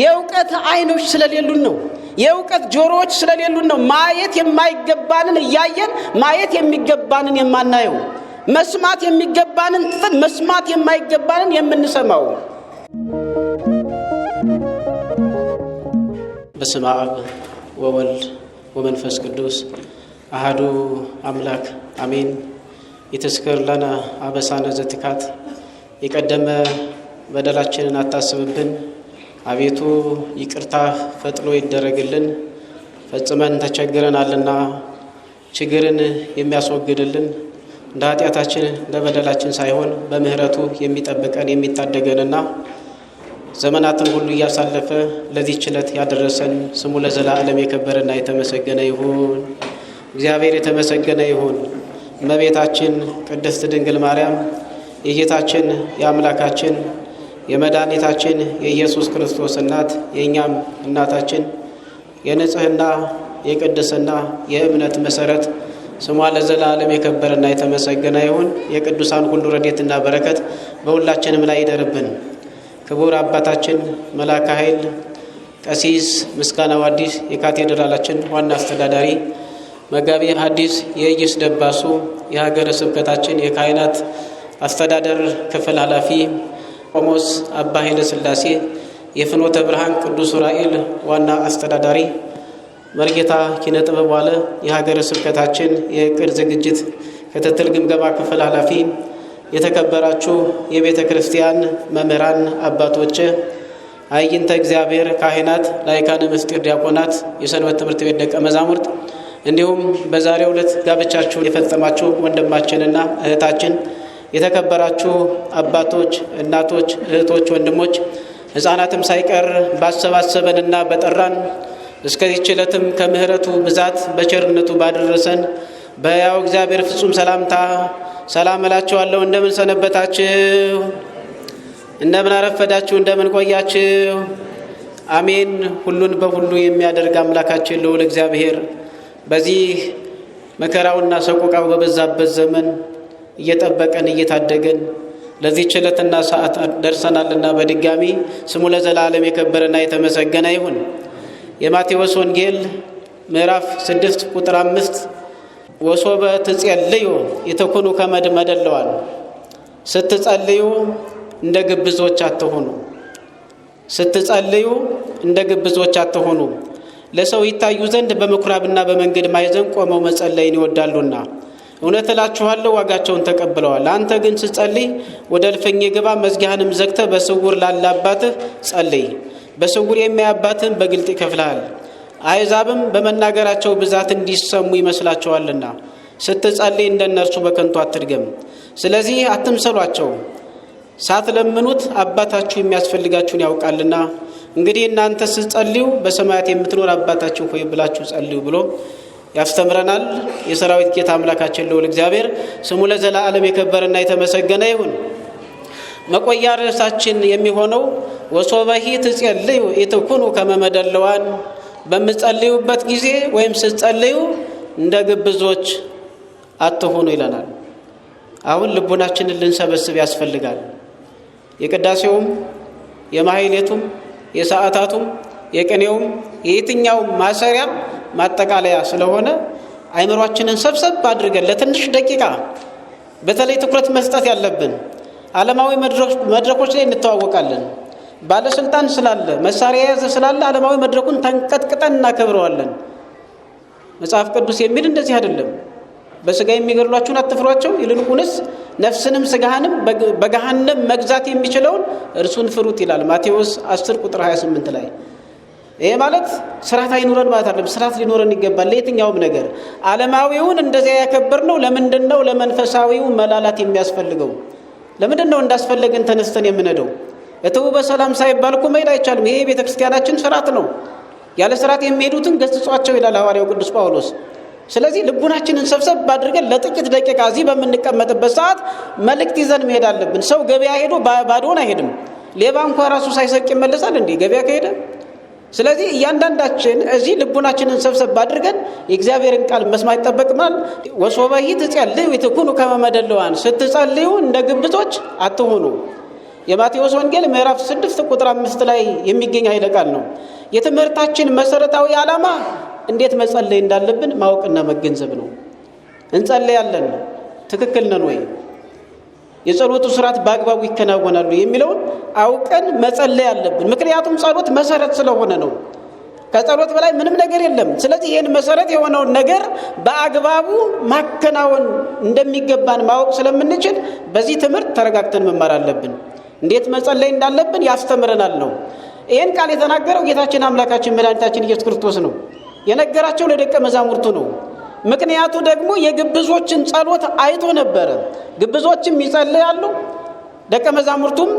የእውቀት አይኖች ስለሌሉን ነው። የእውቀት ጆሮዎች ስለሌሉን ነው። ማየት የማይገባንን እያየን ማየት የሚገባንን የማናየው፣ መስማት የሚገባንን መስማት የማይገባንን የምንሰማው በስመ አብ ወወልድ ወመንፈስ ቅዱስ አህዱ አምላክ አሜን። የተስክር ለነ አበሳነ ዘትካት የቀደመ በደላችንን አታስብብን አቤቱ ይቅርታ ፈጥኖ ይደረግልን ፈጽመን ተቸግረናልና ችግርን የሚያስወግድልን እንደ ኃጢአታችን እንደ በደላችን ሳይሆን በምህረቱ የሚጠብቀን የሚታደገንና ዘመናትን ሁሉ እያሳለፈ ለዚህ ችለት ያደረሰን ስሙ ለዘላለም የከበረና የተመሰገነ ይሁን። እግዚአብሔር የተመሰገነ ይሁን። እመቤታችን ቅድስት ድንግል ማርያም የጌታችን የአምላካችን የመድኃኒታችን የኢየሱስ ክርስቶስ እናት የእኛም እናታችን የንጽህና የቅድስና የእምነት መሰረት ስሟ ለዘላለም የከበረና የተመሰገነ ይሁን። የቅዱሳን ሁሉ ረድኤትና በረከት በሁላችንም ላይ ይደርብን። ክቡር አባታችን መላከ ኃይል ቀሲስ ምስጋናው አዲስ የካቴድራላችን ዋና አስተዳዳሪ፣ መጋቢ ሐዲስ የእይስ ደባሱ የሀገረ ስብከታችን የካህናት አስተዳደር ክፍል ኃላፊ፣ ቆሞስ አባ ኃይለ ሥላሴ የፍኖተ ብርሃን ቅዱስ ራኤል ዋና አስተዳዳሪ፣ መርጌታ ኪነ ጥበብ ዋለ የሀገረ ስብከታችን የእቅድ ዝግጅት ክትትል ግምገማ ክፍል ኃላፊ የተከበራችሁ የቤተ ክርስቲያን መምህራን አባቶች፣ አይንተ እግዚአብሔር ካህናት፣ ላይካነ ምስጢር ዲያቆናት፣ የሰንበት ትምህርት ቤት ደቀ መዛሙርት እንዲሁም በዛሬ ዕለት ጋብቻችሁን የፈጸማችሁ ወንድማችንና እህታችን የተከበራችሁ አባቶች፣ እናቶች፣ እህቶች፣ ወንድሞች ሕፃናትም ሳይቀር ባሰባሰበንና በጠራን እስከዚህች ዕለትም ከምሕረቱ ብዛት በቸርነቱ ባደረሰን በያው እግዚአብሔር ፍጹም ሰላምታ ሰላም እላችኋለሁ። እንደምን ሰነበታችሁ? እንደምን አረፈዳችሁ? እንደምን ቆያችሁ? አሜን። ሁሉን በሁሉ የሚያደርግ አምላካችን ልዑል እግዚአብሔር በዚህ መከራውና ሰቆቃው በበዛበት ዘመን እየጠበቀን እየታደገን ለዚህ ችለትና ሰዓት ደርሰናልና በድጋሚ ስሙ ለዘላለም የከበረና የተመሰገነ ይሁን። የማቴዎስ ወንጌል ምዕራፍ ስድስት ቁጥር አምስት ወሶበ ትጸልዩ የተኮኑ ከመድመደለዋል ስትጸልዩ እንደ ግብዞች አትሆኑ ስትጸልዩ እንደ ግብዞች አትሆኑ ለሰው ይታዩ ዘንድ በምኩራብና በመንገድ ማዕዘን ቆመው መጸለይን ይወዳሉና እውነት እላችኋለሁ ዋጋቸውን ተቀብለዋል። አንተ ግን ስጸልይ ወደ እልፍኝ ግባ፣ መዝጊያህንም ዘግተ በስውር ላለ አባትህ ጸልይ። በስውር የሚያባትህን በግልጥ ይከፍልሃል። አሕዛብም በመናገራቸው ብዛት እንዲሰሙ ይመስላቸዋልና ስትጸልይ እንደ እነርሱ በከንቱ አትድገም። ስለዚህ አትምሰሏቸው፣ ሳትለምኑት አባታችሁ የሚያስፈልጋችሁን ያውቃልና። እንግዲህ እናንተ ስትጸልዩ በሰማያት የምትኖር አባታችሁ ሆይ ብላችሁ ጸልዩ ብሎ ያስተምረናል። የሰራዊት ጌታ አምላካችን ልዑል እግዚአብሔር ስሙ ለዘላለም የከበረና የተመሰገነ ይሁን። መቆያ ርዕሳችን የሚሆነው ወሶበሂ ትጸልዩ ኢትኩኑ ከመመደለዋን በምጸልዩበት ጊዜ ወይም ስትጸልዩ እንደ ግብዞች አትሆኑ ይለናል። አሁን ልቡናችንን ልንሰበስብ ያስፈልጋል። የቅዳሴውም የማህሌቱም የሰዓታቱም የቅኔውም የየትኛውም ማሰሪያም ማጠቃለያ ስለሆነ አይምሯችንን ሰብሰብ አድርገን ለትንሽ ደቂቃ በተለይ ትኩረት መስጠት ያለብን ዓለማዊ መድረኮች ላይ እንተዋወቃለን። ባለስልጣን ስላለ መሳሪያ የያዘ ስላለ ዓለማዊ መድረኩን ተንቀጥቅጠን እናከብረዋለን። መጽሐፍ ቅዱስ የሚል እንደዚህ አይደለም። በስጋ የሚገድሏችሁን አትፍሯቸው፣ ይልቁንስ ነፍስንም ስጋህንም በገሃነም መግዛት የሚችለውን እርሱን ፍሩት ይላል ማቴዎስ 10 ቁጥር 28 ላይ። ይሄ ማለት ስርዓት አይኑረን ማለት አይደለም። ስርዓት ሊኖረን ይገባል። ለየትኛውም ነገር ዓለማዊውን እንደዚያ ነው። ለምንድን ነው? ለመንፈሳዊው መላላት የሚያስፈልገው ለምንድን ነው? እንዳስፈለገን ተነስተን የምንሄደው እተው በሰላም ሳይባል እኮ መሄድ አይቻልም። ይሄ የቤተ ክርስቲያናችን ስርዓት ነው። ያለ ስርዓት የሚሄዱትን ገስጿቸው ይላል ሐዋርያው ቅዱስ ጳውሎስ። ስለዚህ ልቡናችንን ሰብሰብ አድርገን ለጥቂት ደቂቃ እዚህ በምንቀመጥበት ሰዓት መልእክት ይዘን መሄድ አለብን። ሰው ገበያ ሄዶ ባዶን አይሄድም። ሌባ እንኳ ራሱ ሳይሰቅ ይመለሳል እንዴ ገበያ ከሄደ? ስለዚህ እያንዳንዳችን እዚህ ልቡናችንን ሰብሰብ አድርገን የእግዚአብሔርን ቃል መስማት ይጠበቅማል። ወሶበሂ ትጸልዩ ኢትኩኑ ከመመደለዋን ስትጸልዩ እንደ ግብዞች አትሁኑ። የማቴዎስ ወንጌል ምዕራፍ ስድስት ቁጥር አምስት ላይ የሚገኝ ኃይለ ቃል ነው። የትምህርታችን መሰረታዊ ዓላማ እንዴት መጸለይ እንዳለብን ማወቅና መገንዘብ ነው። እንጸለያለን፣ ትክክል ነን ወይ? የጸሎቱ ስርዓት በአግባቡ ይከናወናሉ የሚለውን አውቀን መጸለይ አለብን። ምክንያቱም ጸሎት መሰረት ስለሆነ ነው። ከጸሎት በላይ ምንም ነገር የለም። ስለዚህ ይህን መሰረት የሆነውን ነገር በአግባቡ ማከናወን እንደሚገባን ማወቅ ስለምንችል በዚህ ትምህርት ተረጋግተን መማር አለብን። እንዴት መጸለይ እንዳለብን ያስተምረናል ነው። ይህን ቃል የተናገረው ጌታችን አምላካችን መድኃኒታችን ኢየሱስ ክርስቶስ ነው። የነገራቸው ለደቀ መዛሙርቱ ነው። ምክንያቱ ደግሞ የግብዞችን ጸሎት አይቶ ነበረ። ግብዞችም ይጸልያሉ፣ ደቀ መዛሙርቱም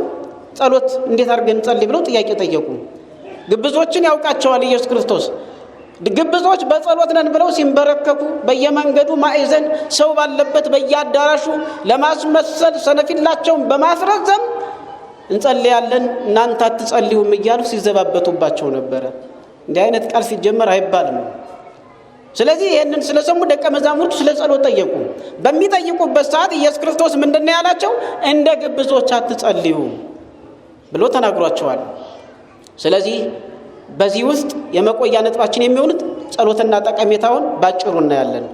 ጸሎት እንዴት አድርገን እንጸልይ ብለው ጥያቄ ጠየቁ። ግብዞችን ያውቃቸዋል ኢየሱስ ክርስቶስ። ግብዞች በጸሎት ነን ብለው ሲንበረከኩ በየመንገዱ ማዕዘን ሰው ባለበት በየአዳራሹ ለማስመሰል ሰነፊላቸውን በማስረዘም እንጸልያለን እናንተ አትጸልዩም እያሉ ሲዘባበቱባቸው ነበረ። እንዲህ አይነት ቃል ሲጀመር አይባልም። ስለዚህ ይህንን ስለሰሙ ደቀ መዛሙርቱ ስለ ጸሎት ጠየቁ። በሚጠይቁበት ሰዓት ኢየሱስ ክርስቶስ ምንድን ነው ያላቸው? እንደ ግብዞች አትጸልዩ ብሎ ተናግሯቸዋል። ስለዚህ በዚህ ውስጥ የመቆያ ነጥባችን የሚሆኑት ጸሎትና ጠቀሜታውን ባጭሩ እናያለን።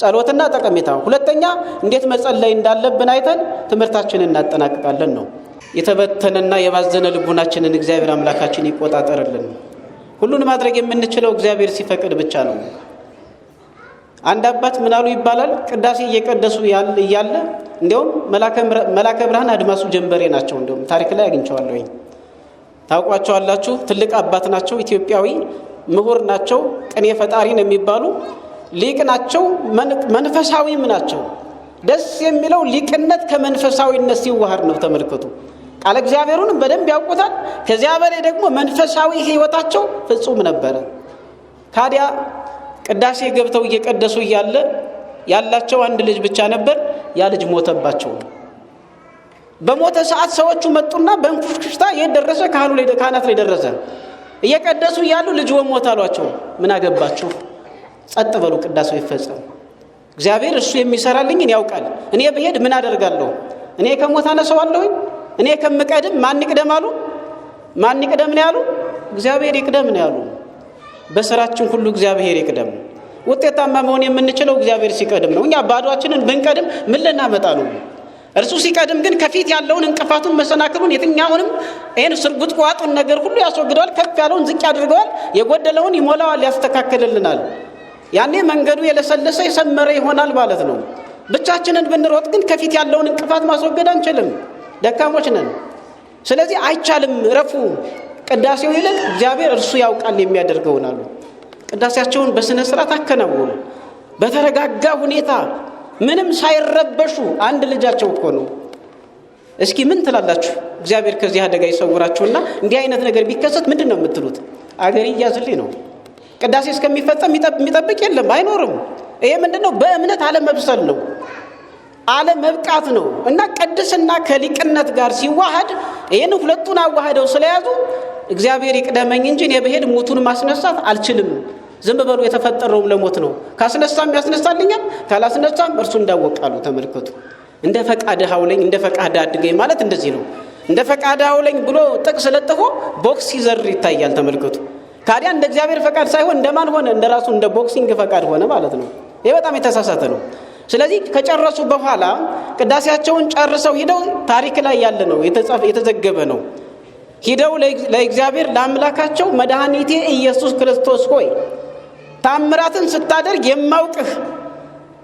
ጸሎትና ጠቀሜታው፣ ሁለተኛ እንዴት መጸለይ እንዳለብን አይተን ትምህርታችንን እናጠናቅቃለን ነው። የተበተነና የባዘነ ልቡናችንን እግዚአብሔር አምላካችን ይቆጣጠርልን። ሁሉን ማድረግ የምንችለው እግዚአብሔር ሲፈቅድ ብቻ ነው። አንድ አባት ምናሉ ይባላል ቅዳሴ እየቀደሱ እያለ እንዲሁም መላከ ብርሃን አድማሱ ጀንበሬ ናቸው። እንዲሁም ታሪክ ላይ አግኝቸዋለሁኝ። ታውቋቸዋላችሁ። ትልቅ አባት ናቸው። ኢትዮጵያዊ ምሁር ናቸው። ቅኔ ፈጣሪ ነው የሚባሉ ሊቅ ናቸው። መንፈሳዊም ናቸው። ደስ የሚለው ሊቅነት ከመንፈሳዊነት ሲዋሃድ ነው። ተመልከቱ። ቃለ እግዚአብሔሩንም በደንብ ያውቁታል። ከዚያ በላይ ደግሞ መንፈሳዊ ሕይወታቸው ፍጹም ነበረ። ታዲያ ቅዳሴ ገብተው እየቀደሱ እያለ ያላቸው አንድ ልጅ ብቻ ነበር። ያ ልጅ ሞተባቸው። በሞተ ሰዓት ሰዎቹ መጡና በእንኩሽታ የት ደረሰ? ካህኑ ካህናት ላይ ደረሰ። እየቀደሱ እያሉ ልጅ ወሞት አሏቸው። ምን አገባችሁ? ጸጥ በሉ፣ ቅዳሴው ይፈጸም። እግዚአብሔር እሱ የሚሰራልኝን ያውቃል። እኔ ብሄድ ምን አደርጋለሁ? እኔ ከሞት አነሰዋለሁኝ እኔ ከምቀድም ማን ይቅደም አሉ? ማን ይቅደም ነው ያሉ? እግዚአብሔር ይቅደም ነው ያሉ። በስራችን ሁሉ እግዚአብሔር ይቅደም። ውጤታማ መሆን የምንችለው እግዚአብሔር ሲቀድም ነው። እኛ ባዷችንን ብንቀድም ምን ልናመጣ ነው? እርሱ ሲቀድም ግን ከፊት ያለውን እንቅፋቱን፣ መሰናክሉን፣ የትኛውንም ይህን ስርጉጥ ቋጡን ነገር ሁሉ ያስወግደዋል። ከፍ ያለውን ዝቅ ያድርገዋል። የጎደለውን ይሞላዋል፣ ያስተካክልልናል። ያኔ መንገዱ የለሰለሰ የሰመረ ይሆናል ማለት ነው። ብቻችንን ብንሮጥ ግን ከፊት ያለውን እንቅፋት ማስወገድ አንችልም። ደካሞች ነን። ስለዚህ አይቻልም እረፉ ቅዳሴው ይልቅ እግዚአብሔር እርሱ ያውቃል የሚያደርገውን አሉ። ቅዳሴያቸውን በሥነ ሥርዓት አከናወኑ። በተረጋጋ ሁኔታ ምንም ሳይረበሹ። አንድ ልጃቸው እኮ ነው። እስኪ ምን ትላላችሁ? እግዚአብሔር ከዚህ አደጋ ይሰውራችሁና እንዲህ አይነት ነገር ቢከሰት ምንድን ነው የምትሉት? አገሬ እያዝልኝ ነው። ቅዳሴ እስከሚፈጸም የሚጠብቅ የለም አይኖርም። ይሄ ምንድን ነው? በእምነት አለመብሰል ነው። አለመብቃት ነው እና ቅድስና ከሊቅነት ጋር ሲዋሃድ ይህን ሁለቱን አዋህደው ስለያዙ እግዚአብሔር ይቅደመኝ እንጂ እኔ ብሄድ ሙቱን ማስነሳት አልችልም። ዝም በሉ የተፈጠረውም ለሞት ነው። ካስነሳም ያስነሳልኛል፣ ካላስነሳም እርሱ እንዳወቃሉ። ተመልከቱ። እንደ ፈቃድ ሀውለኝ እንደ ፈቃድ አድገኝ ማለት እንደዚህ ነው። እንደ ፈቃድ ሀውለኝ ብሎ ጥቅስ ለጥፎ ቦክስ ይዘር ይታያል። ተመልከቱ። ታዲያ እንደ እግዚአብሔር ፈቃድ ሳይሆን እንደማን ሆነ? እንደ ራሱ እንደ ቦክሲንግ ፈቃድ ሆነ ማለት ነው። ይህ በጣም የተሳሳተ ነው። ስለዚህ ከጨረሱ በኋላ ቅዳሴያቸውን ጨርሰው ሂደው ታሪክ ላይ ያለ ነው የተዘገበ ነው። ሂደው ለእግዚአብሔር ለአምላካቸው መድኃኒቴ ኢየሱስ ክርስቶስ ሆይ ታምራትን ስታደርግ የማውቅህ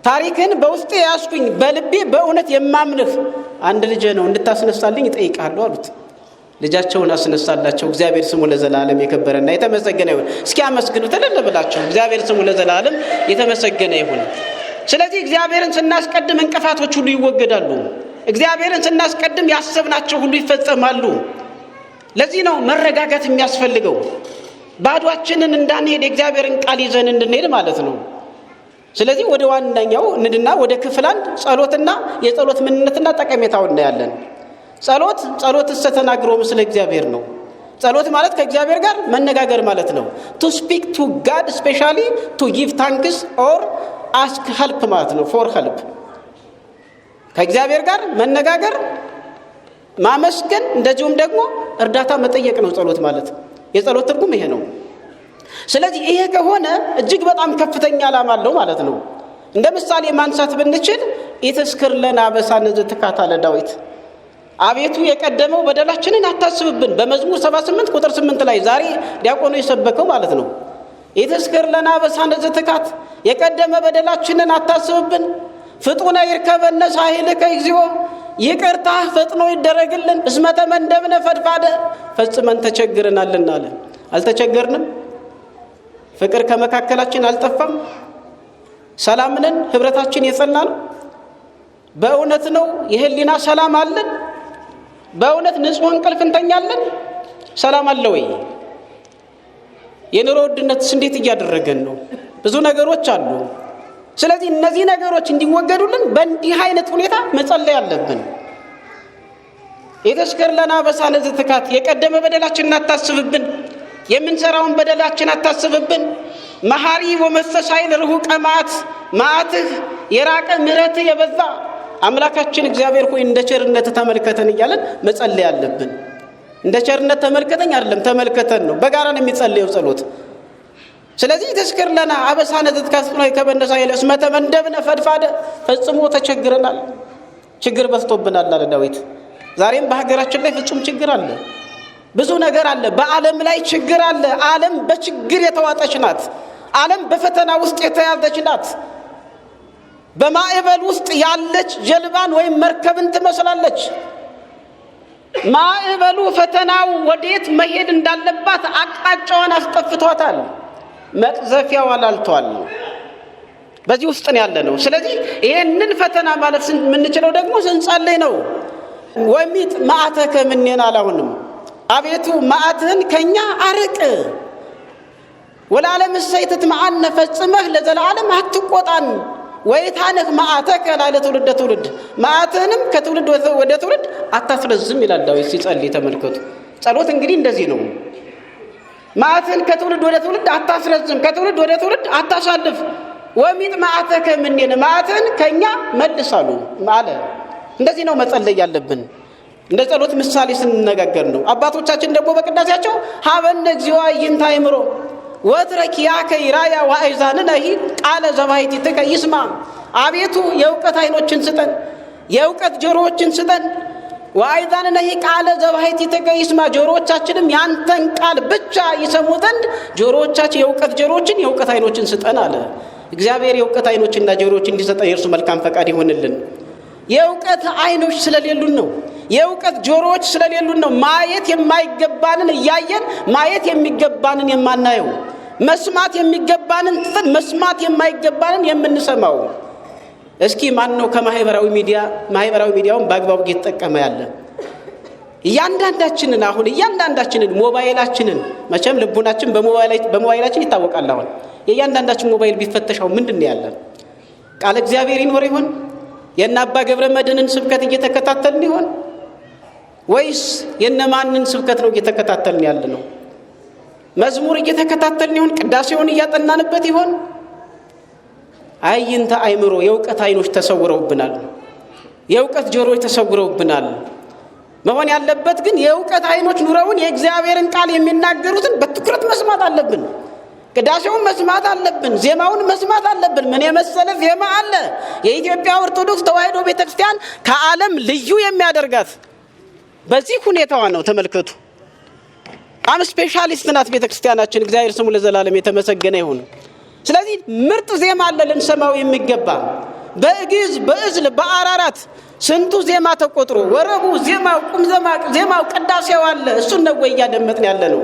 ታሪክን በውስጥ ያስኩኝ በልቤ በእውነት የማምንህ አንድ ልጅ ነው እንድታስነሳልኝ ይጠይቃሉ አሉት። ልጃቸውን አስነሳላቸው። እግዚአብሔር ስሙ ለዘላለም የከበረና የተመሰገነ ይሁን። እስኪ አመስግኑ እልል ብላቸው። እግዚአብሔር ስሙ ለዘላለም የተመሰገነ ይሁን። ስለዚህ እግዚአብሔርን ስናስቀድም እንቅፋቶች ሁሉ ይወገዳሉ። እግዚአብሔርን ስናስቀድም ያሰብናቸው ሁሉ ይፈጸማሉ። ለዚህ ነው መረጋጋት የሚያስፈልገው። ባዷችንን እንዳንሄድ የእግዚአብሔርን ቃል ይዘን እንድንሄድ ማለት ነው። ስለዚህ ወደ ዋነኛው ንድና ወደ ክፍል አንድ ጸሎትና የጸሎት ምንነትና ጠቀሜታው እናያለን። ጸሎት ጸሎት እስተተናግሮ ምስለ እግዚአብሔር ነው። ጸሎት ማለት ከእግዚአብሔር ጋር መነጋገር ማለት ነው። ቱ ስፒክ ቱ ጋድ ስፔሻሊ ቱ ጊቭ ታንክስ ኦር አስክ ኸልፕ ማለት ነው። ፎር ኸልፕ ከእግዚአብሔር ጋር መነጋገር፣ ማመስገን፣ እንደዚሁም ደግሞ እርዳታ መጠየቅ ነው ጸሎት ማለት። የጸሎት ትርጉም ይሄ ነው። ስለዚህ ይሄ ከሆነ እጅግ በጣም ከፍተኛ ዓላማ አለው ማለት ነው። እንደ ምሳሌ ማንሳት ብንችል ኢትዝክር ለነ አበሳነ ዘትካት አለ ዳዊት። አቤቱ የቀደመው በደላችንን አታስብብን በመዝሙር 78 ቁጥር 8 ላይ ዛሬ ዲያቆኑ የሰበከው ማለት ነው። ኢትስክር ለና በሳነ ዘትካት የቀደመ በደላችንን አታስብብን ፍጡነ ይርከበነ ሳሂልከ እግዚኦ ይቅርታህ ፈጥኖ ይደረግልን እስመተ መንደብነ ፈድፋደ ፈጽመን ተቸግረናልና አለ አልተቸገርንም ፍቅር ከመካከላችን አልጠፋም ሰላምንን ህብረታችን የጸና ነው በእውነት ነው የህሊና ሰላም አለን በእውነት ንጹህ እንቅልፍ እንተኛለን ሰላም አለ ወይ የኑሮ ውድነትስ እንዴት እያደረገን ነው? ብዙ ነገሮች አሉ። ስለዚህ እነዚህ ነገሮች እንዲወገዱልን በእንዲህ አይነት ሁኔታ መጸለይ አለብን። የተሽከር ለና በሳለ ዝትካት የቀደመ በደላችን አታስብብን፣ የምንሰራውን በደላችን አታስብብን። መሐሪ ወመስተሳይል ርሁቀ መዓት መዓትህ የራቀ ምሕረትህ የበዛ አምላካችን እግዚአብሔር ሆይ እንደ ቸርነት ተመልከተን እያለን መጸለይ አለብን። እንደ ቸርነት ተመልከተኝ አይደለም ተመልከተን ነው። በጋራ ነው የሚጸልየው ጸሎት። ስለዚህ ተስክር ለና አበሳነ ትትካስኖ ከበነሳ የለስመተ መንደብነ ፈድፋደ ፈጽሞ ተቸግረናል። ችግር በስቶብናል አለ ዳዊት። ዛሬም በሀገራችን ላይ ፍጹም ችግር አለ። ብዙ ነገር አለ። በዓለም ላይ ችግር አለ። ዓለም በችግር የተዋጠች ናት። ዓለም በፈተና ውስጥ የተያዘች ናት። በማዕበል ውስጥ ያለች ጀልባን ወይም መርከብን ትመስላለች። ማዕበሉ ፈተናው ወዴት መሄድ እንዳለባት አቅጣጫዋን አስጠፍቷታል። መቅዘፊያው አላልቷል። በዚህ ውስጥ ነው ያለ ነው። ስለዚህ ይህንን ፈተና ማለፍ የምንችለው ደግሞ ስንጸልይ ነው። ወሚጥ መዓተከ ምኔን አላሁንም አቤቱ መዓትህን ከእኛ አርቅ ወለዓለም እሰይ ትትመዓነ ፈጽመህ ለዘለዓለም አትቆጣን ወይታነክ መዓተከ ላለ ትውልደ ትውልድ መዓትህንም ከትውልድ ወደ ትውልድ አታስረዝም ይላል ዳዊት ሲጸልይ ተመልከቱ። ጸሎት እንግዲህ እንደዚህ ነው። መዓትህን ከትውልድ ወደ ትውልድ አታስረዝም፣ ከትውልድ ወደ ትውልድ አታሳልፍ። ወሚጥ መዓተከ ምኔነ መዓትህን ከእኛ መልሳሉ አለ። እንደዚህ ነው መጸለይ ያለብን። እንደ ጸሎት ምሳሌ ስንነጋገር ነው። አባቶቻችን ደግሞ በቅዳሴያቸው ሀበነ እግዚኦ ይንታ ወትረክ ያከ ይራያ ነሂ ቃለ ዘባሕቲትከ ይስማ። አቤቱ የእውቀት አይኖችን ስጠን፣ የእውቀት ጆሮዎችን ስጠን። ነሂ ቃለ ዘባሕቲትከ ይስማ፣ ጆሮዎቻችንም ያንተን ቃል ብቻ ይሰሙ ዘንድ ጆሮዎቻችን የእውቀት ጆሮዎችን የእውቀት አይኖችን ስጠን አለ። እግዚአብሔር የእውቀት አይኖችና ጆሮዎች እንዲሰጠን የእርሱ መልካም ፈቃድ ይሆንልን። የእውቀት አይኖች ስለሌሉን ነው። የእውቀት ጆሮዎች ስለሌሉን ነው። ማየት የማይገባንን እያየን ማየት የሚገባንን የማናየው መስማት የሚገባንን ጥፍን መስማት የማይገባንን የምንሰማው። እስኪ ማን ነው ከማህበራዊ ሚዲያ ማህበራዊ ሚዲያውን በአግባቡ እየተጠቀመ ያለ? እያንዳንዳችንን አሁን እያንዳንዳችንን ሞባይላችንን መቼም ልቡናችን በሞባይላችን ይታወቃል። አሁን የእያንዳንዳችን ሞባይል ቢፈተሻው ምንድን ነው ያለን? ቃለ እግዚአብሔር ይኖር ይሆን? የእነ አባ ገብረ መድንን ስብከት እየተከታተልን ይሆን? ወይስ የነማንን ስብከት ነው እየተከታተልን ያለ ነው? መዝሙር እየተከታተልን ይሆን? ቅዳሴውን እያጠናንበት ይሆን? አይንተ አይምሮ የእውቀት አይኖች ተሰውረውብናል። የእውቀት ጆሮች ተሰውረውብናል። መሆን ያለበት ግን የእውቀት አይኖች ኑረውን የእግዚአብሔርን ቃል የሚናገሩትን በትኩረት መስማት አለብን። ቅዳሴውን መስማት አለብን። ዜማውን መስማት አለብን። ምን የመሰለ ዜማ አለ! የኢትዮጵያ ኦርቶዶክስ ተዋሕዶ ቤተክርስቲያን ከዓለም ልዩ የሚያደርጋት በዚህ ሁኔታዋ ነው። ተመልከቱ። አም ስፔሻሊስት ናት ቤተክርስቲያናችን። እግዚአብሔር ስሙ ለዘላለም የተመሰገነ ይሁን። ስለዚህ ምርጥ ዜማ አለ ልንሰማው የሚገባ በግዕዝ በእዝል በአራራት ስንቱ ዜማ ተቆጥሮ ወረቡ ዜማው ቁምዘማ ዜማው ቅዳሴው አለ። እሱን ነው ወይ እያደመጥን ያለ ነው?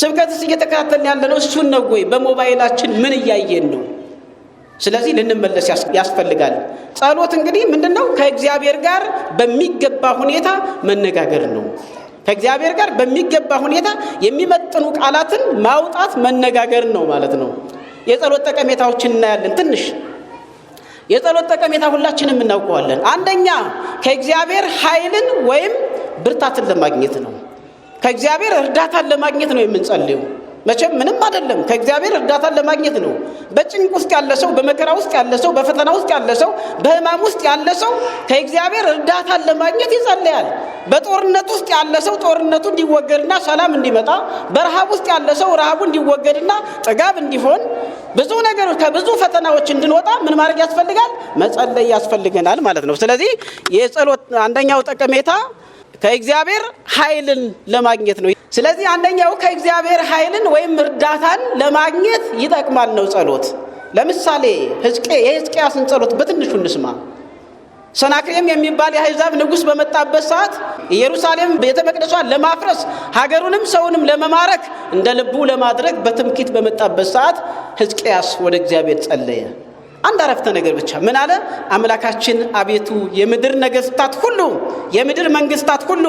ስብከትስ እየተከታተልን ያለ ነው? እሱን ነው ወይ? በሞባይላችን ምን እያየን ነው? ስለዚህ ልንመለስ ያስፈልጋል። ጸሎት እንግዲህ ምንድን ነው? ከእግዚአብሔር ጋር በሚገባ ሁኔታ መነጋገር ነው። ከእግዚአብሔር ጋር በሚገባ ሁኔታ የሚመጥኑ ቃላትን ማውጣት መነጋገር ነው ማለት ነው። የጸሎት ጠቀሜታዎችን እናያለን። ትንሽ የጸሎት ጠቀሜታ ሁላችንም እናውቀዋለን። አንደኛ ከእግዚአብሔር ኃይልን ወይም ብርታትን ለማግኘት ነው። ከእግዚአብሔር እርዳታን ለማግኘት ነው የምንጸልዩ መቼም ምንም አይደለም። ከእግዚአብሔር እርዳታን ለማግኘት ነው። በጭንቅ ውስጥ ያለ ሰው፣ በመከራ ውስጥ ያለ ሰው፣ በፈተና ውስጥ ያለ ሰው፣ በሕማም ውስጥ ያለ ሰው ከእግዚአብሔር እርዳታን ለማግኘት ይጸለያል። በጦርነት ውስጥ ያለ ሰው ጦርነቱ እንዲወገድና ሰላም እንዲመጣ፣ በረሃብ ውስጥ ያለ ሰው ረሃቡ እንዲወገድና ጥጋብ እንዲሆን፣ ብዙ ነገሮች ከብዙ ፈተናዎች እንድንወጣ ምን ማድረግ ያስፈልጋል? መጸለይ ያስፈልገናል ማለት ነው። ስለዚህ የጸሎት አንደኛው ጠቀሜታ ከእግዚአብሔር ኃይልን ለማግኘት ነው። ስለዚህ አንደኛው ከእግዚአብሔር ኃይልን ወይም እርዳታን ለማግኘት ይጠቅማል ነው ጸሎት። ለምሳሌ ህዝቄ ጸሎት በትንሹ እንስማ። ሰናክሬም የሚባል የአሕዛብ ንጉሥ በመጣበት ሰዓት ኢየሩሳሌም ቤተ መቅደሷን ለማፍረስ ሀገሩንም ሰውንም ለመማረክ እንደ ልቡ ለማድረግ በትምኪት በመጣበት ሰዓት ሕዝቅያስ ወደ እግዚአብሔር ጸለየ። አንድ አረፍተ ነገር ብቻ ምን አለ? አምላካችን አቤቱ የምድር ነገስታት ሁሉ የምድር መንግስታት ሁሉ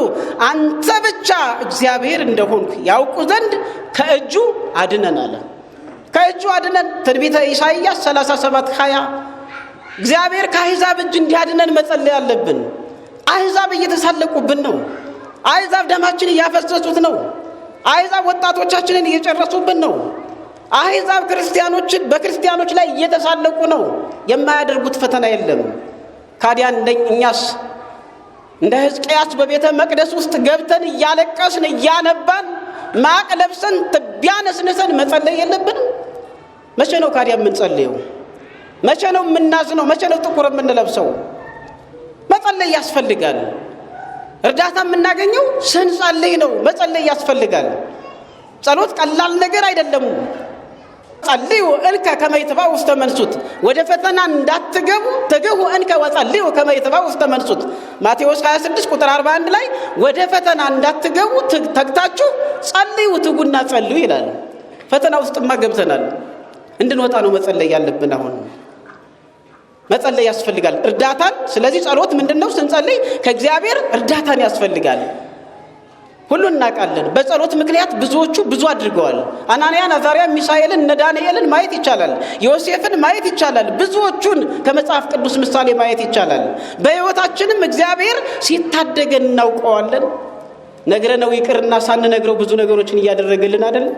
አንተ ብቻ እግዚአብሔር እንደሆንኩ ያውቁ ዘንድ ከእጁ አድነን አለ። ከእጁ አድነን ትንቢተ ኢሳይያስ 37 20 እግዚአብሔር ከአሕዛብ እጅ እንዲያድነን መጸለይ አለብን። አሕዛብ እየተሳለቁብን ነው። አሕዛብ ደማችን እያፈሰሱት ነው። አሕዛብ ወጣቶቻችንን እየጨረሱብን ነው። አሕዛብ ክርስቲያኖችን በክርስቲያኖች ላይ እየተሳለቁ ነው። የማያደርጉት ፈተና የለም። ካዲያን እኛስ እንደ ሕዝቅያስ በቤተ መቅደስ ውስጥ ገብተን እያለቀስን እያነባን ማቅ ለብሰን ትቢያ ነስንሰን መጸለይ የለብንም? መቼ ነው ካዲያ የምንጸልየው? መቼ ነው የምናዝነው? መቼ ነው ጥቁር የምንለብሰው? መጸለይ ያስፈልጋል። እርዳታ የምናገኘው ስንጸልይ ነው። መጸለይ ያስፈልጋል። ጸሎት ቀላል ነገር አይደለም። ጸልዩ እንከ ከመይትባ ውስተ መንሱት ወደ ፈተና እንዳትገቡ ትግሁ እንከ ወጸልዩ ከመይትባ ውስተ መልሱት ማቴዎስ 26 ቁጥር 41 ላይ ወደ ፈተና እንዳትገቡ ተግታችሁ ጸልዩ ትጉና ጸልዩ ይላል። ፈተና ውስጥማ ገብተናል። እንድንወጣ ነው መጸለይ ያለብን። አሁን መጸለይ ያስፈልጋል እርዳታን። ስለዚህ ጸሎት ምንድን ነው? ስንጸልይ ከእግዚአብሔር እርዳታን ያስፈልጋል። ሁሉ እናውቃለን። በጸሎት ምክንያት ብዙዎቹ ብዙ አድርገዋል። አናንያ፣ አዛርያ፣ ሚሳኤልን እነ ዳንኤልን ማየት ይቻላል። ዮሴፍን ማየት ይቻላል። ብዙዎቹን ከመጽሐፍ ቅዱስ ምሳሌ ማየት ይቻላል። በሕይወታችንም እግዚአብሔር ሲታደገን እናውቀዋለን። ነግረነው ይቅርና ሳንነግረው ብዙ ነገሮችን እያደረገልን አይደለም።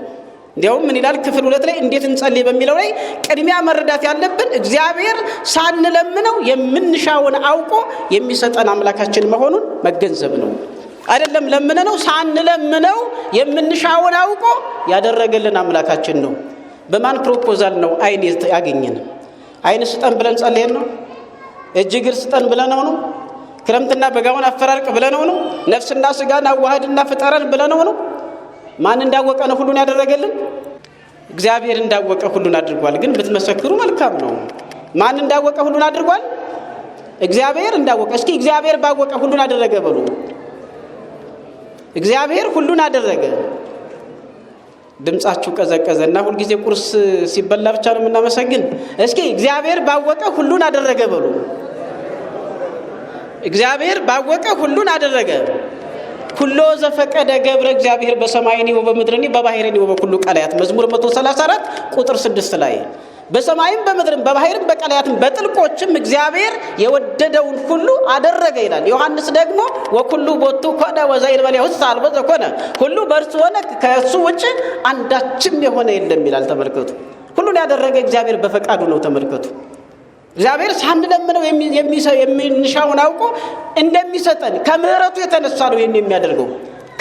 እንዲያውም ምን ይላል ክፍል ሁለት ላይ እንዴት እንጸልይ በሚለው ላይ ቅድሚያ መረዳት ያለብን እግዚአብሔር ሳንለምነው የምንሻውን አውቆ የሚሰጠን አምላካችን መሆኑን መገንዘብ ነው። አይደለም ለምነነው፣ ሳንለምነው የምንሻውን አውቆ ያደረገልን አምላካችን ነው። በማን ፕሮፖዛል ነው አይን ያገኘን? አይን ስጠን ብለን ጸልየን ነው? እጅ እግር ስጠን ብለነው ነው? ክረምትና በጋውን አፈራርቅ ብለነው ነው? ነፍስና ስጋን አዋህድና ፍጠረን ብለነው ነው? ማን እንዳወቀ ነው ሁሉን ያደረገልን? እግዚአብሔር እንዳወቀ ሁሉን አድርጓል። ግን ብትመሰክሩ መልካም ነው። ማን እንዳወቀ ሁሉን አድርጓል? እግዚአብሔር እንዳወቀ። እስኪ እግዚአብሔር ባወቀ ሁሉን አደረገ በሉ። እግዚአብሔር ሁሉን አደረገ። ድምፃችሁ ቀዘቀዘ እና ሁልጊዜ ቁርስ ሲበላ ብቻ ነው የምናመሰግን። እስኪ እግዚአብሔር ባወቀ ሁሉን አደረገ በሉ። እግዚአብሔር ባወቀ ሁሉን አደረገ። ኩሎ ዘፈቀደ ገብረ እግዚአብሔር በሰማይኒ ወበምድርኒ በባሕርኒ ወበኩሉ ቃላያት መዝሙር 134 ቁጥር 6 ላይ በሰማይም በምድርም በባህርም በቀላያትም በጥልቆችም እግዚአብሔር የወደደውን ሁሉ አደረገ ይላል። ዮሐንስ ደግሞ ወኩሉ ቦቱ ኮነ ወዘይልበል ውስጥ አልበዘ ኮነ ሁሉ በእርሱ ሆነ ከእሱ ውጭ አንዳችም የሆነ የለም ይላል። ተመልከቱ፣ ሁሉን ያደረገ እግዚአብሔር በፈቃዱ ነው። ተመልከቱ፣ እግዚአብሔር ሳንለምነው የሚንሻውን አውቆ እንደሚሰጠን ከምረቱ የተነሳ ነው ይህን የሚያደርገው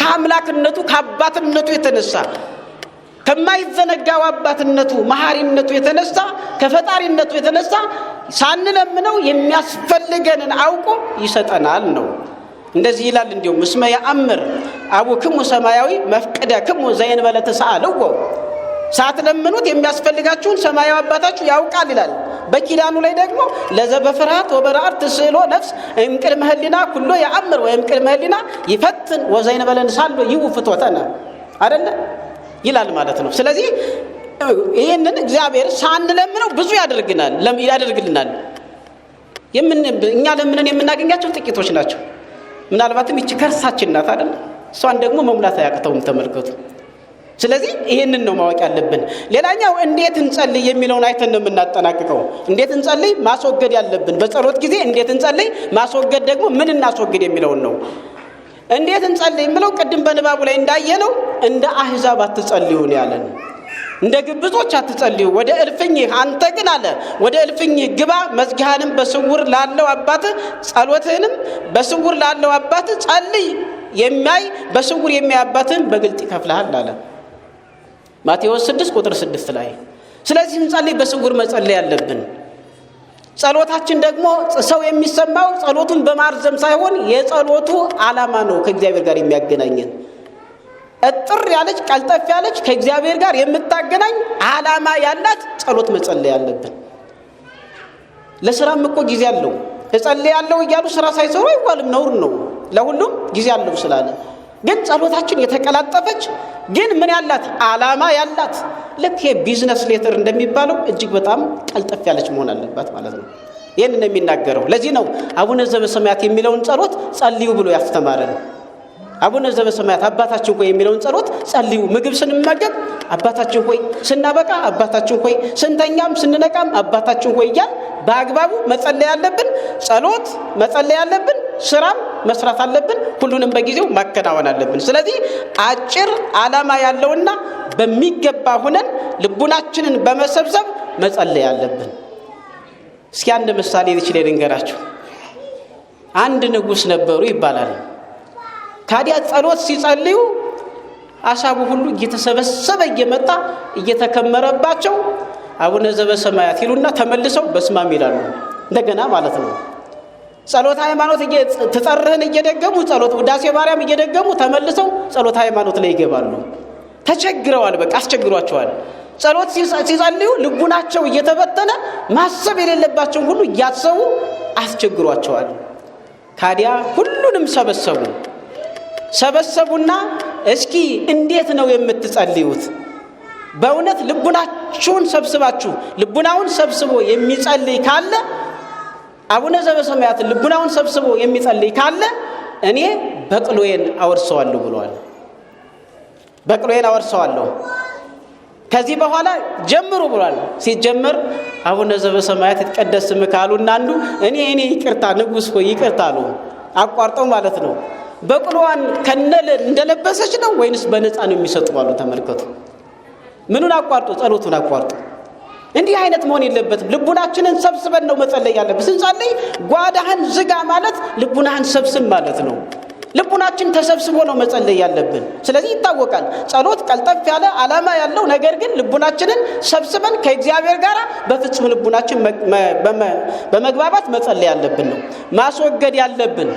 ከአምላክነቱ ከአባትነቱ የተነሳ ከማይዘነጋው አባትነቱ መሐሪነቱ የተነሳ ከፈጣሪነቱ የተነሳ ሳንለምነው የሚያስፈልገንን አውቆ ይሰጠናል ነው። እንደዚህ ይላል። እንዲሁም እስመ ያአምር አቡክሙ ሰማያዊ መፍቀደ መፍቅደክሙ ዘእንበለ ተሰአልዎ ሳትለምኑት የሚያስፈልጋችሁን ሰማያዊ አባታችሁ ያውቃል ይላል። በኪዳኑ ላይ ደግሞ ለዘ በፍርሃት ወበረአድ ትስእሎ ነፍስ እምቅድመ ህሊና ኩሎ ያአምር ወእምቅድመ ህሊና ይፈትን ወዘእንበለ ንሳሎ ይውፍቶተነ አደለ ይላል ማለት ነው። ስለዚህ ይህንን እግዚአብሔር ሳንለምነው ብዙ ያደርግልናል። እኛ ለምነን የምናገኛቸው ጥቂቶች ናቸው። ምናልባትም ይቺ ከርሳችን ናት አይደል? እሷን ደግሞ መሙላት አያቅተውም። ተመልከቱ። ስለዚህ ይህንን ነው ማወቅ ያለብን። ሌላኛው እንዴት እንጸልይ የሚለውን አይተን ነው የምናጠናቅቀው። እንዴት እንጸልይ ማስወገድ ያለብን በጸሎት ጊዜ እንዴት እንጸልይ፣ ማስወገድ ደግሞ ምን እናስወግድ የሚለውን ነው። እንዴት እንጸልይም ብለው ቅድም በንባቡ ላይ እንዳየነው እንደ አህዛብ አትጸልዩ ነው ያለን። እንደ ግብዞች አትጸልዩ፣ ወደ እልፍኝህ አንተ ግን አለ ወደ እልፍኝህ ግባ፣ መዝጊያህንም በስውር ላለው አባት ጸሎትህንም በስውር ላለው አባት ጸልይ። የሚያይ በስውር የሚያይ አባትህን በግልጥ ይከፍልሃል አለ ማቴዎስ 6 ቁጥር 6 ላይ። ስለዚህ ስንጸልይ በስውር መጸለይ አለብን። ጸሎታችን ደግሞ ሰው የሚሰማው ጸሎቱን በማርዘም ሳይሆን የጸሎቱ ዓላማ ነው ከእግዚአብሔር ጋር የሚያገናኘን። እጥር ያለች ቀልጠፍ ያለች ከእግዚአብሔር ጋር የምታገናኝ ዓላማ ያላት ጸሎት መጸለይ ያለብን። ለስራም እኮ ጊዜ አለው እጸልያለሁ እያሉ ስራ ሳይሰሩ አይዋልም፣ ነውር ነው። ለሁሉም ጊዜ አለው ስላለ ግን ጸሎታችን የተቀላጠፈች ግን ምን ያላት አላማ ያላት ልክ የቢዝነስ ሌተር እንደሚባለው እጅግ በጣም ቀልጠፍ ያለች መሆን አለባት ማለት ነው። ይህን ነው የሚናገረው። ለዚህ ነው አቡነ ዘበሰማያት የሚለውን ጸሎት ጸልዩ ብሎ ያስተማረ ነው። አቡነ ዘበሰማያት አባታችን ሆይ የሚለውን ጸሎት ጸልዩ። ምግብ ስንመገብ አባታችን ሆይ፣ ስናበቃ አባታችን ሆይ፣ ስንተኛም ስንነቃም አባታችን ሆይ እያል በአግባቡ መጸለይ ያለብን ጸሎት መጸለይ ያለብን ስራም መስራት አለብን። ሁሉንም በጊዜው ማከናወን አለብን። ስለዚህ አጭር ዓላማ ያለውና በሚገባ ሁነን ልቡናችንን በመሰብሰብ መጸለይ አለብን። እስኪ አንድ ምሳሌ ትችል ልንገራችሁ። አንድ ንጉሥ ነበሩ ይባላል። ታዲያ ጸሎት ሲጸልዩ አሳቡ ሁሉ እየተሰበሰበ እየመጣ እየተከመረባቸው አቡነ ዘበሰማያት ይሉና ተመልሰው በስማም ይላሉ እንደገና ማለት ነው። ጸሎት ሃይማኖት ትጸርህን እየደገሙ ጸሎት ውዳሴ ማርያም እየደገሙ ተመልሰው ጸሎት ሃይማኖት ላይ ይገባሉ። ተቸግረዋል፣ በቃ አስቸግሯቸዋል። ጸሎት ሲጸልዩ ልቡናቸው እየተበተነ ማሰብ የሌለባቸውን ሁሉ እያሰቡ አስቸግሯቸዋል። ታዲያ ሁሉንም ሰበሰቡ። ሰበሰቡና እስኪ እንዴት ነው የምትጸልዩት? በእውነት ልቡናችሁን ሰብስባችሁ ልቡናውን ሰብስቦ የሚጸልይ ካለ አቡነ ዘበሰማያትን ልቡናውን ሰብስቦ የሚጸልይ ካለ እኔ በቅሎዬን አወርሰዋለሁ ብለዋል። በቅሎዬን አወርሰዋለሁ ከዚህ በኋላ ጀምሩ ብሏል። ሲጀመር አቡነ ዘበሰማያት ይትቀደስ ስምከ አሉ አንዱ እኔ እኔ ይቅርታ ንጉሥ ሆይ ይቅርታ አሉ። አቋርጠው ማለት ነው። በቅሎዋን ከነል እንደለበሰች ነው ወይንስ በነፃ ነው የሚሰጡ አሉ። ተመልከቱ። ምኑን አቋርጡ? ጸሎቱን አቋርጡ። እንዲህ አይነት መሆን የለበትም። ልቡናችንን ሰብስበን ነው መጸለይ ያለብን። ስንጸልይ ጓዳህን ዝጋ ማለት ልቡናህን ሰብስብ ማለት ነው። ልቡናችን ተሰብስቦ ነው መጸለይ ያለብን። ስለዚህ ይታወቃል፣ ጸሎት ቀልጠፍ ያለ ዓላማ ያለው ነገር ግን ልቡናችንን ሰብስበን ከእግዚአብሔር ጋር በፍጹም ልቡናችን በመግባባት መጸለይ ያለብን ነው። ማስወገድ ያለብን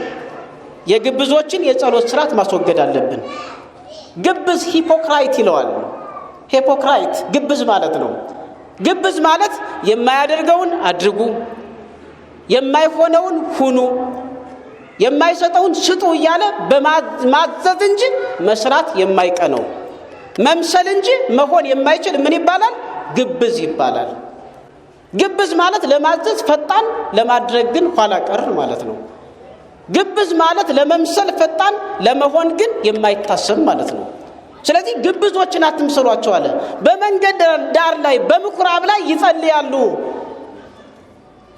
የግብዞችን የጸሎት ስርዓት ማስወገድ አለብን። ግብዝ ሂፖክራይት ይለዋል። ሂፖክራይት ግብዝ ማለት ነው። ግብዝ ማለት የማያደርገውን አድርጉ፣ የማይሆነውን ሁኑ፣ የማይሰጠውን ስጡ እያለ በማዘዝ እንጂ መስራት የማይቀነው መምሰል እንጂ መሆን የማይችል ምን ይባላል? ግብዝ ይባላል። ግብዝ ማለት ለማዘዝ ፈጣን፣ ለማድረግ ግን ኋላ ቀር ማለት ነው። ግብዝ ማለት ለመምሰል ፈጣን፣ ለመሆን ግን የማይታሰብ ማለት ነው። ስለዚህ ግብዞችን አትምሰሏቸው አለ። በመንገድ ዳር ላይ በምኩራብ ላይ ይጸልያሉ፣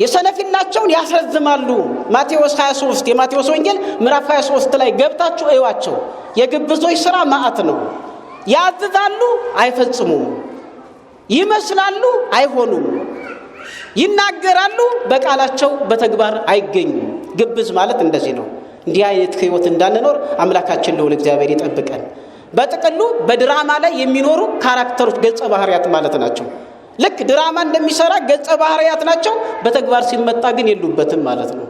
የሰነፊናቸውን ያስረዝማሉ። ማቴዎስ 23 የማቴዎስ ወንጌል ምዕራፍ 23 ላይ ገብታችሁ እዩዋቸው። የግብዞች ሥራ ማዕት ነው። ያዝዛሉ፣ አይፈጽሙም። ይመስላሉ፣ አይሆኑም። ይናገራሉ፣ በቃላቸው በተግባር አይገኙም። ግብዝ ማለት እንደዚህ ነው። እንዲህ አይነት ህይወት እንዳንኖር አምላካችን ልዑል እግዚአብሔር ይጠብቀን። በጥቅሉ በድራማ ላይ የሚኖሩ ካራክተሮች ገጸ ባህሪያት ማለት ናቸው። ልክ ድራማ እንደሚሰራ ገጸ ባህሪያት ናቸው። በተግባር ሲመጣ ግን የሉበትም ማለት ነው።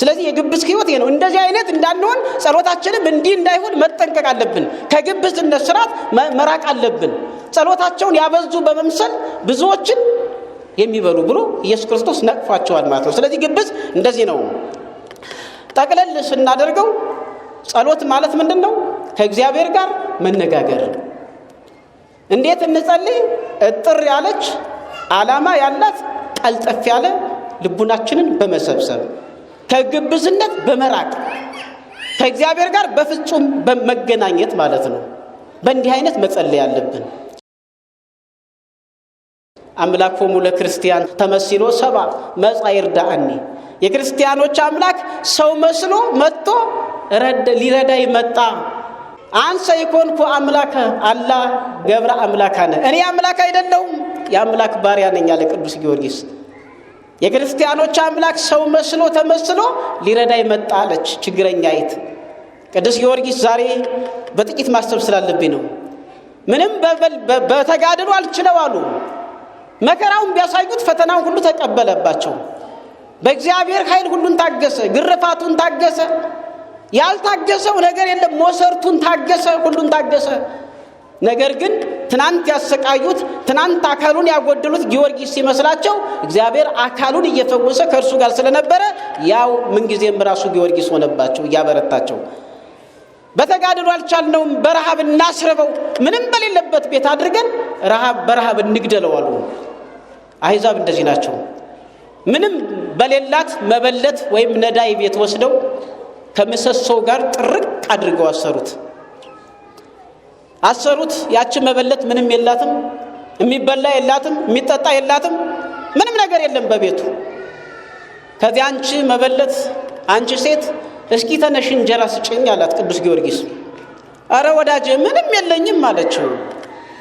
ስለዚህ የግብዝ ህይወት ይሄ ነው። እንደዚህ አይነት እንዳንሆን ጸሎታችንም እንዲህ እንዳይሆን መጠንቀቅ አለብን። ከግብዝነት ስርዓት መራቅ አለብን። ጸሎታቸውን ያበዙ በመምሰል ብዙዎችን የሚበሉ ብሎ ኢየሱስ ክርስቶስ ነቅፏቸዋል ማለት ነው። ስለዚህ ግብዝ እንደዚህ ነው። ጠቅለል ስናደርገው ጸሎት ማለት ምንድን ነው? ከእግዚአብሔር ጋር መነጋገር። እንዴት እንጸልይ? እጥር ያለች ዓላማ ያላት ቀልጠፍ ያለ ልቡናችንን በመሰብሰብ ከግብዝነት በመራቅ ከእግዚአብሔር ጋር በፍጹም በመገናኘት ማለት ነው። በእንዲህ አይነት መጸለይ አለብን። አምላኮሙ ለክርስቲያን ተመሲሎ ሰባ መጻ ይርዳአኒ የክርስቲያኖች አምላክ ሰው መስሎ መጥቶ ሊረዳ ይመጣ አንሰ የኮንኩ አምላከ አላ ገብረ አምላካነ እኔ አምላክ አይደለሁም የአምላክ ባሪያ ነኝ አለ ቅዱስ ጊዮርጊስ። የክርስቲያኖች አምላክ ሰው መስሎ ተመስሎ ሊረዳ ይመጣ አለች ችግረኛ አይት ቅዱስ ጊዮርጊስ። ዛሬ በጥቂት ማሰብ ስላለብኝ ነው። ምንም በተጋድሎ አልችለው አሉ። መከራውን ቢያሳዩት ፈተናውን ሁሉ ተቀበለባቸው። በእግዚአብሔር ኃይል ሁሉን ታገሰ፣ ግርፋቱን ታገሰ። ያልታገሰው ነገር የለም። ሞሰርቱን ታገሰ፣ ሁሉን ታገሰ። ነገር ግን ትናንት ያሰቃዩት ትናንት አካሉን ያጎደሉት ጊዮርጊስ ሲመስላቸው እግዚአብሔር አካሉን እየፈወሰ ከእርሱ ጋር ስለነበረ ያው ምንጊዜም ራሱ ጊዮርጊስ ሆነባቸው፣ እያበረታቸው በተጋድሎ አልቻልነውም፣ በረሃብ እናስርበው፣ ምንም በሌለበት ቤት አድርገን ረሃብ በረሃብ እንግደለው አሉ። አሕዛብ እንደዚህ ናቸው። ምንም በሌላት መበለት ወይም ነዳይ ቤት ወስደው ከምሰሶው ጋር ጥርቅ አድርገው አሰሩት። አሰሩት። ያችን መበለት ምንም የላትም፣ የሚበላ የላትም፣ የሚጠጣ የላትም፣ ምንም ነገር የለም በቤቱ። ከዚህ አንቺ መበለት፣ አንቺ ሴት እስኪ ተነሽ እንጀራ ስጭኝ አላት ቅዱስ ጊዮርጊስ። አረ ወዳጅ ምንም የለኝም አለችው።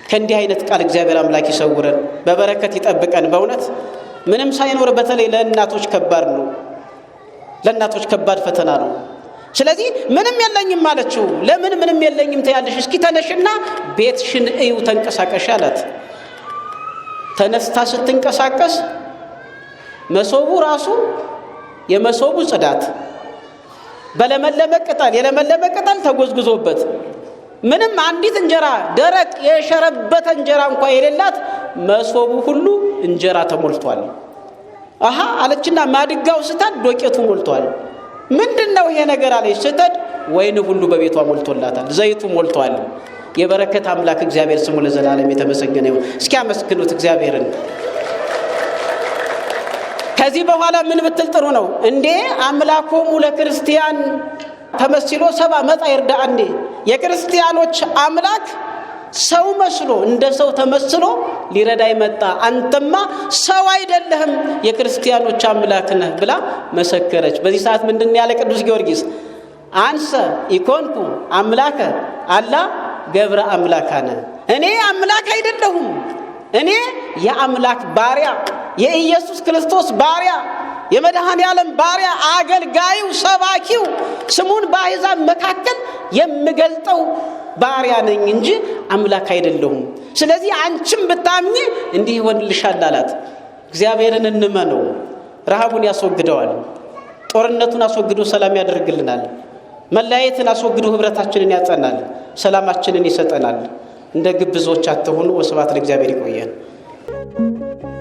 ከእንዲህ አይነት ቃል እግዚአብሔር አምላክ ይሰውረን፣ በበረከት ይጠብቀን። በእውነት ምንም ሳይኖር በተለይ ለእናቶች ከባድ ነው። ለእናቶች ከባድ ፈተና ነው። ስለዚህ ምንም የለኝም አለችው። ለምን ምንም የለኝም ትያለሽ? እስኪ ተነሽና ቤትሽን እዩ ተንቀሳቀሽ አላት። ተነስታ ስትንቀሳቀስ መሶቡ ራሱ የመሶቡ ጽዳት በለመለመ ቅጠል የለመለመ ቅጠል ተጎዝጉዞበት ምንም አንዲት እንጀራ ደረቅ የሸረበተ እንጀራ እንኳ የሌላት መሶቡ ሁሉ እንጀራ ተሞልቷል። አሃ አለችና ማድጋው ስታል ዶቄቱ ሞልቷል። ምንድን ነው ይሄ ነገር አለች ስትል ወይን ሁሉ በቤቷ ሞልቶላታል፣ ዘይቱ ሞልቷል። የበረከት አምላክ እግዚአብሔር ስሙ ለዘላለም የተመሰገነ ይሁን። እስኪ አመስግኑት እግዚአብሔርን። ከዚህ በኋላ ምን ብትል ጥሩ ነው እንዴ? አምላኮሙ ለክርስቲያን ተመስሎ ሰብአ መጣ ይርዳ እንዴ የክርስቲያኖች አምላክ ሰው መስሎ እንደ ሰው ተመስሎ ሊረዳ ይመጣ አንተማ ሰው አይደለህም የክርስቲያኖች አምላክ ነህ ብላ መሰከረች። በዚህ ሰዓት ምንድን ያለ ቅዱስ ጊዮርጊስ አንሰ ኢኮንኩ አምላከ አላ ገብረ አምላካነ፣ እኔ አምላክ አይደለሁም፣ እኔ የአምላክ ባሪያ የኢየሱስ ክርስቶስ ባሪያ የመድኃኔ ያለም ባሪያ አገልጋዩ፣ ሰባኪው ስሙን በአሕዛብ መካከል የምገልጠው ባሪያ ነኝ እንጂ አምላክ አይደለሁም። ስለዚህ አንቺም ብታምኚ እንዲህ ይሆንልሻል አላት። እግዚአብሔርን እንመነው። ረሃቡን ያስወግደዋል። ጦርነቱን አስወግዶ ሰላም ያደርግልናል። መለያየትን አስወግዶ ህብረታችንን ያጸናል። ሰላማችንን ይሰጠናል። እንደ ግብዞች አትሆኑ። ወስብሐት ለእግዚአብሔር። ይቆየን።